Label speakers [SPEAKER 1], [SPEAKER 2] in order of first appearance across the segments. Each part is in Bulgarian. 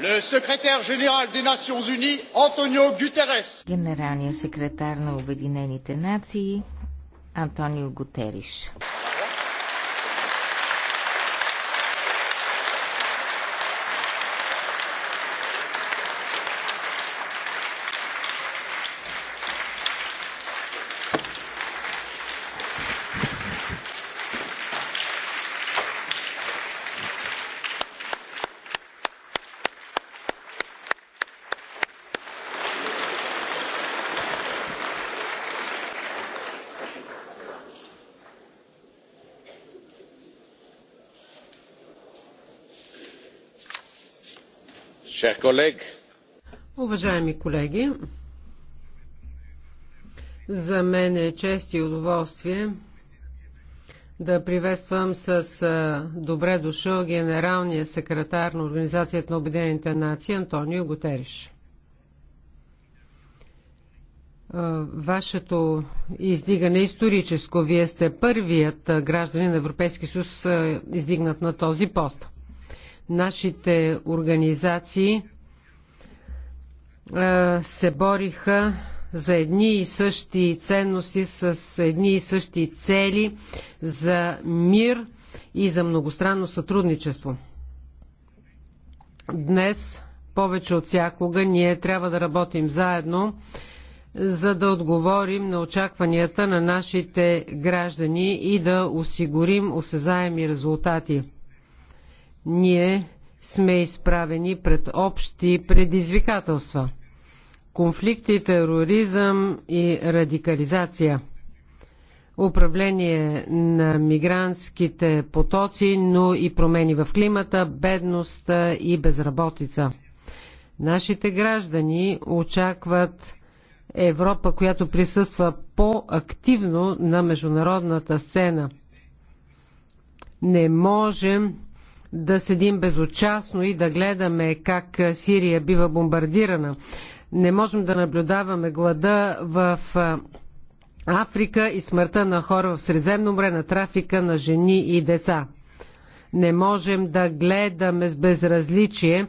[SPEAKER 1] Le secrétaire général des Nations Unies, Antonio Guterres. Генералният секретар на Обединените нации, Антонио Гутериш. Уважаеми колеги, за мен е чест и удоволствие да приветствам с добре дошъл генералния секретар на Организацията на Обединените нации Антонио Гутериш. Вашето издигане е историческо. Вие сте първият гражданин на Европейски съюз издигнат на този пост. Нашите организации се бориха за едни и същи ценности, с едни и същи цели, за мир и за многостранно сътрудничество. Днес, повече от всякога, ние трябва да работим заедно, за да отговорим на очакванията на нашите граждани и да осигурим осезаеми резултати ние сме изправени пред общи предизвикателства. Конфликти, тероризъм и радикализация. Управление на мигрантските потоци, но и промени в климата, бедност и безработица. Нашите граждани очакват Европа, която присъства по-активно на международната сцена. Не можем да седим безучастно и да гледаме как Сирия бива бомбардирана. Не можем да наблюдаваме глада в Африка и смъртта на хора в Средземно море, на трафика на жени и деца. Не можем да гледаме с безразличие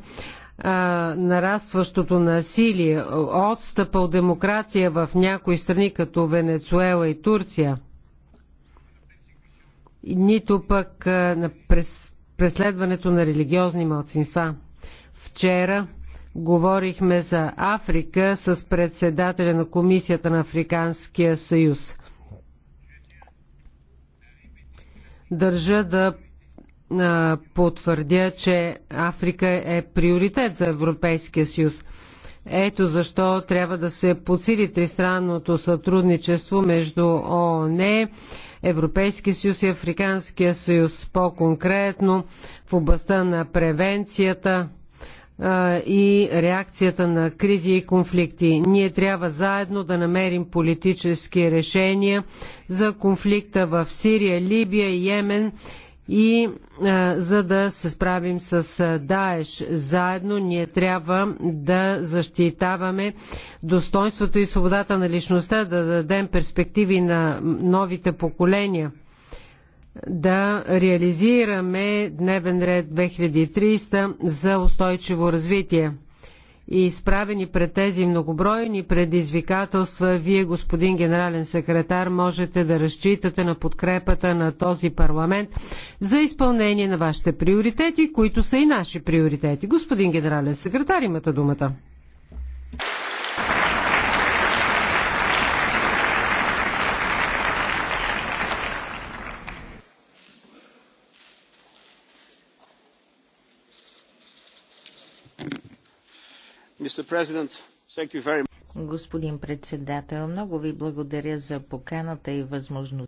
[SPEAKER 1] а, нарастващото насилие, отстъпа от демокрация в някои страни, като Венецуела и Турция. Нито пък а, през преследването на религиозни малцинства. Вчера говорихме за Африка с председателя на Комисията на Африканския съюз. Държа да потвърдя, че Африка е приоритет за Европейския съюз. Ето защо трябва да се подсили тристранното сътрудничество между ООН, Европейския съюз и Африканския съюз, по-конкретно в областта на превенцията и реакцията на кризи и конфликти. Ние трябва заедно да намерим политически решения за конфликта в Сирия, Либия, Йемен и а, за да се справим с Даеш заедно, ние трябва да защитаваме достоинството и свободата на личността, да дадем перспективи на новите поколения, да реализираме дневен ред 2300 за устойчиво развитие и изправени пред тези многобройни предизвикателства, вие, господин генерален секретар, можете да разчитате на подкрепата на този парламент за изпълнение на вашите приоритети, които са и наши приоритети. Господин генерален секретар, имате думата. Господин председател, много ви благодаря за поканата и възможността